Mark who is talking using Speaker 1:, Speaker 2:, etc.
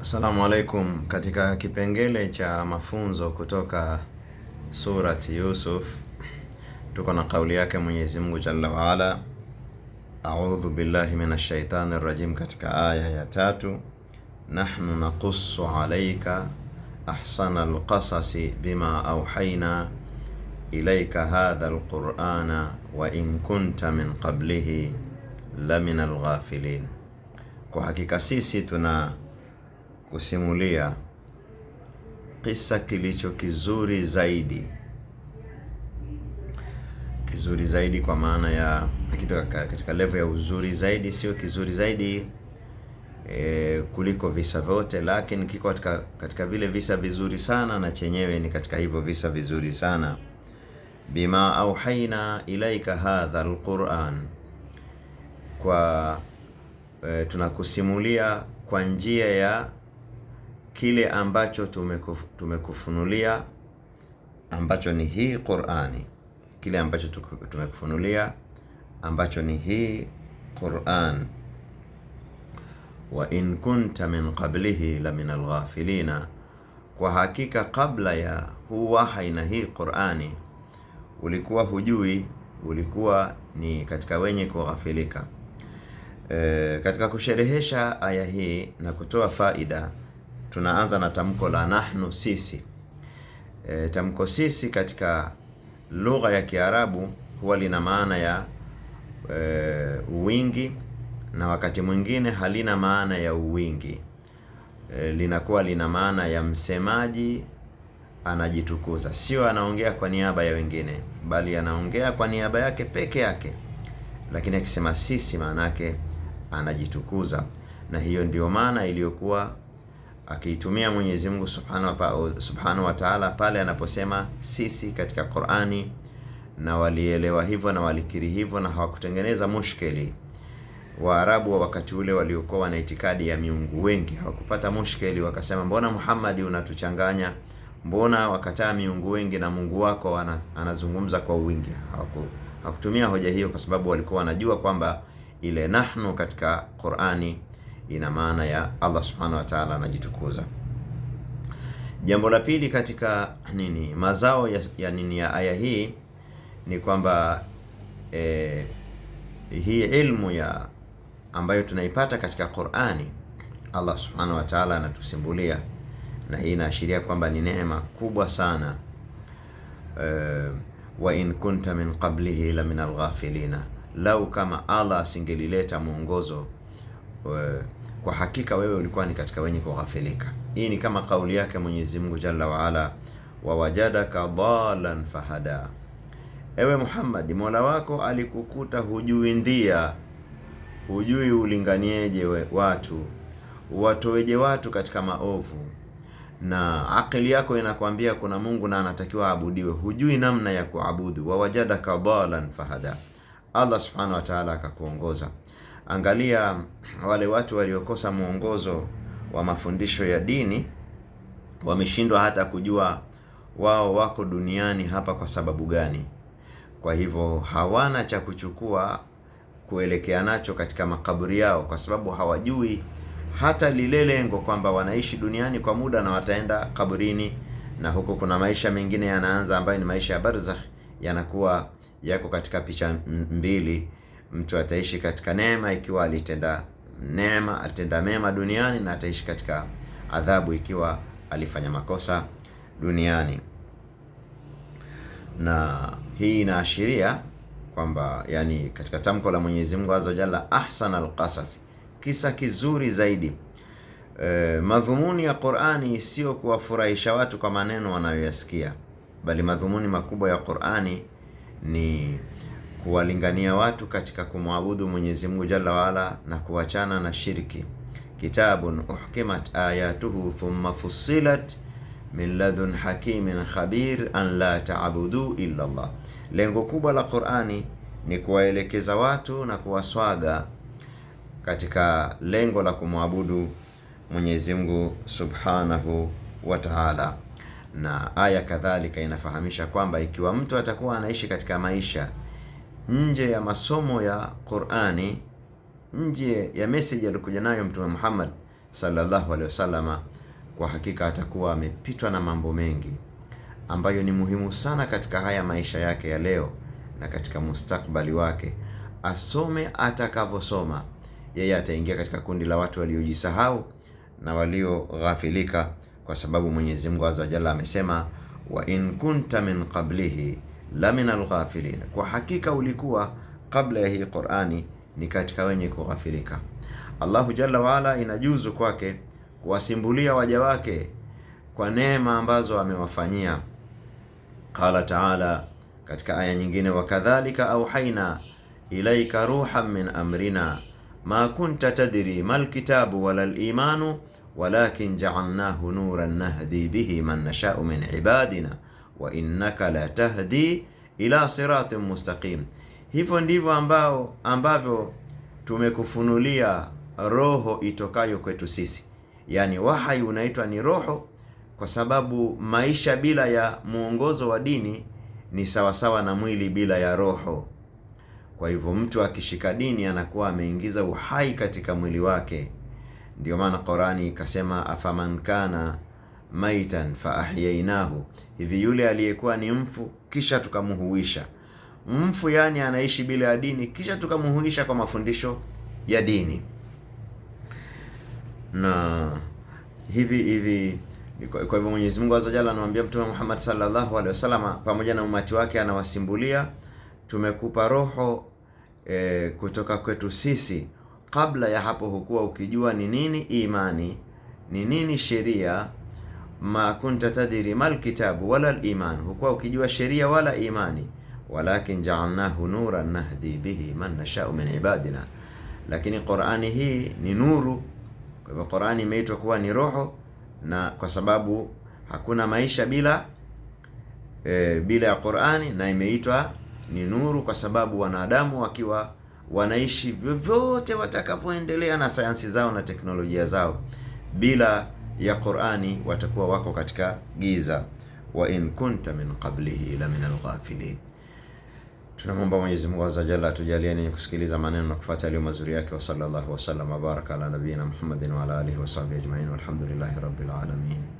Speaker 1: Assalamu alaikum. Katika kipengele cha mafunzo kutoka surati Yusuf tuko na kauli yake Mwenyezi Mungu jalla waala, audhu billahi minash shaitani rajim, katika aya ya tatu, nahnu naqussu alaika ahsana alqasasi bima auhaina ilaika hadha alqurana wa in kunta min qablihi la min alghafilin, kwa hakika sisi tuna kusimulia kisa kilicho kizuri zaidi, kizuri zaidi kwa maana ya kitu katika level ya uzuri zaidi, sio kizuri zaidi e, kuliko visa vyote, lakini kiko katika, katika vile visa vizuri sana, na chenyewe ni katika hivyo visa vizuri sana. Bima auhaina ilaika hadha alquran, kwa e, tunakusimulia kwa njia ya kile ambacho tumekuf, tumekufunulia ambacho ni hii Qur'ani, kile ambacho tumekufunulia ambacho ni hii Qur'an. Wa in kunta min qablihi la min alghafilina, kwa hakika kabla ya huu wahai na hii Qur'ani ulikuwa hujui, ulikuwa ni katika wenye kughafilika. E, katika kusherehesha aya hii na kutoa faida tunaanza na tamko la nahnu, sisi. E, tamko sisi katika lugha ya Kiarabu huwa lina maana ya e, uwingi na wakati mwingine halina maana ya uwingi. E, linakuwa lina maana ya msemaji anajitukuza, sio anaongea kwa niaba ya wengine, bali anaongea kwa niaba yake peke yake. Lakini akisema sisi, maana yake anajitukuza, na hiyo ndiyo maana iliyokuwa akiitumia Mwenyezi Mungu Subhanahu wa Ta'ala pale anaposema sisi katika Qur'ani, na walielewa hivyo na walikiri hivyo na hawakutengeneza mushkeli. Waarabu wa wakati ule waliokuwa wana itikadi ya miungu wengi hawakupata mushkeli, wakasema mbona Muhammad unatuchanganya, mbona wakataa miungu wengi na Mungu wako anazungumza kwa wingi? Hawakutumia hoja hiyo, kwa sababu walikuwa wanajua kwamba ile nahnu katika Qur'ani ina maana ya Allah subhanahu wa ta'ala anajitukuza. Jambo la pili katika nini mazao ya, ya nini ya aya hii ni kwamba e, hii ilmu ya ambayo tunaipata katika Qur'ani Allah subhanahu wa ta'ala anatusimbulia, na hii inaashiria kwamba ni neema kubwa sana e, wa in kunta min qablihi la min alghafilina, lau kama Allah asingelileta mwongozo eh, kwa hakika wewe ulikuwa ni katika wenye kughafilika. Hii ni kama kauli yake Mwenyezi Mungu Jalla waala, wawajadaka dhalan fahada, ewe Muhammad, mola wako alikukuta hujui ndia, hujui ulinganieje watu, watoweje watu katika maovu, na akili yako inakwambia kuna Mungu na anatakiwa aabudiwe, hujui namna ya kuabudu. Wawajadaka dhalan fahada, Allah subhanahu wa ta'ala akakuongoza Angalia wale watu waliokosa mwongozo wa mafundisho ya dini, wameshindwa hata kujua wao wako duniani hapa kwa sababu gani. Kwa hivyo hawana cha kuchukua kuelekea nacho katika makaburi yao, kwa sababu hawajui hata lile lengo kwamba wanaishi duniani kwa muda na wataenda kaburini, na huko kuna maisha mengine yanaanza ambayo ni maisha ya barzakh, yanakuwa yako katika picha mbili mtu ataishi katika neema ikiwa alitenda neema, alitenda mema duniani na ataishi katika adhabu ikiwa alifanya makosa duniani. Na hii inaashiria kwamba yani, katika tamko la Mwenyezi Mungu azza jalla, ahsan alqasas, kisa kizuri zaidi. E, madhumuni ya Qur'ani sio kuwafurahisha watu kwa maneno wanayoyasikia, bali madhumuni makubwa ya Qur'ani ni kuwalingania watu katika kumwabudu Mwenyezi Mungu Jalla waala na kuwachana na shirki. Kitabun uhkimat ayatuhu thumma fussilat min ladun hakimin khabir an la tabudu illa Allah. Lengo kubwa la Qur'ani ni kuwaelekeza watu na kuwaswaga katika lengo la kumwabudu Mwenyezi Mungu Subhanahu wa Ta'ala. Na aya kadhalika inafahamisha kwamba ikiwa mtu atakuwa anaishi katika maisha nje ya masomo ya Qur'ani, nje ya message alikuja nayo Mtume Muhammad sallallahu alaihi wasallama, kwa hakika atakuwa amepitwa na mambo mengi ambayo ni muhimu sana katika haya maisha yake ya leo na katika mustakbali wake. Asome atakavyosoma yeye, ataingia katika kundi la watu waliojisahau na walioghafilika, kwa sababu Mwenyezi Mungu azza jalla amesema, wa in kunta min qablihi la minal kwa hakika ulikuwa kabla ya hii Qur'ani ni katika wenye kughafilika. Allahu jalla waala inajuzu kwake kuwasimbulia waja wake kwa neema ambazo amewafanyia. Qala taala katika aya nyingine, wakadhalika auhaina ilaika ruhan min amrina ma kunta tadri mal kitabu wala limanu walakin ja'alnahu nuran nahdi bihi man nasha'u min ibadina wa innaka la tahdi ila siratin mustaqim. Hivyo ndivyo ambao ambavyo tumekufunulia roho itokayo kwetu sisi, yaani wahai unaitwa ni roho, kwa sababu maisha bila ya mwongozo wa dini ni sawasawa na mwili bila ya roho. Kwa hivyo mtu akishika dini anakuwa ameingiza uhai katika mwili wake. ndio maana Qurani ikasema afaman kana maitan faahyainahu, hivi yule aliyekuwa ni mfu kisha tukamuhuisha Mfu yani anaishi bila ya dini, kisha tukamhuisha kwa mafundisho ya dini. Na hivi hivi kwa hivyo Mwenyezi Mungu azza jalla anamwambia Mtume Muhammad sallallahu alaihi wasallam pamoja na umati wake, anawasimbulia tumekupa roho e, kutoka kwetu sisi. Kabla ya hapo hukuwa ukijua ni nini imani, ni nini sheria ma kunta tadiri mal kitabu wala liman, hukuwa ukijua sheria wala imani. Walakin jaalnahu nuran nahdi bihi man nashau min ibadina, lakini Qur'ani hii ni nuru. Kwa hivyo Qur'ani imeitwa kuwa ni roho, na kwa sababu hakuna maisha bila e, bila ya Qur'ani, na imeitwa ni nuru kwa sababu wanadamu wakiwa wanaishi vyovyote watakavyoendelea na sayansi zao na teknolojia zao bila ya Qur'ani watakuwa wako katika giza, wa in kunta min qablihi la min alghafilin. Tunamwomba Mwenyezi Mungu azza jalla atujalie ni kusikiliza maneno na kufuata yaliyo mazuri yake. Wa sallallahu wasallam baraka ala nabiyina Muhammadin wa ala alihi wa sahbihi ajma'in, walhamdulillahi rabbil alamin.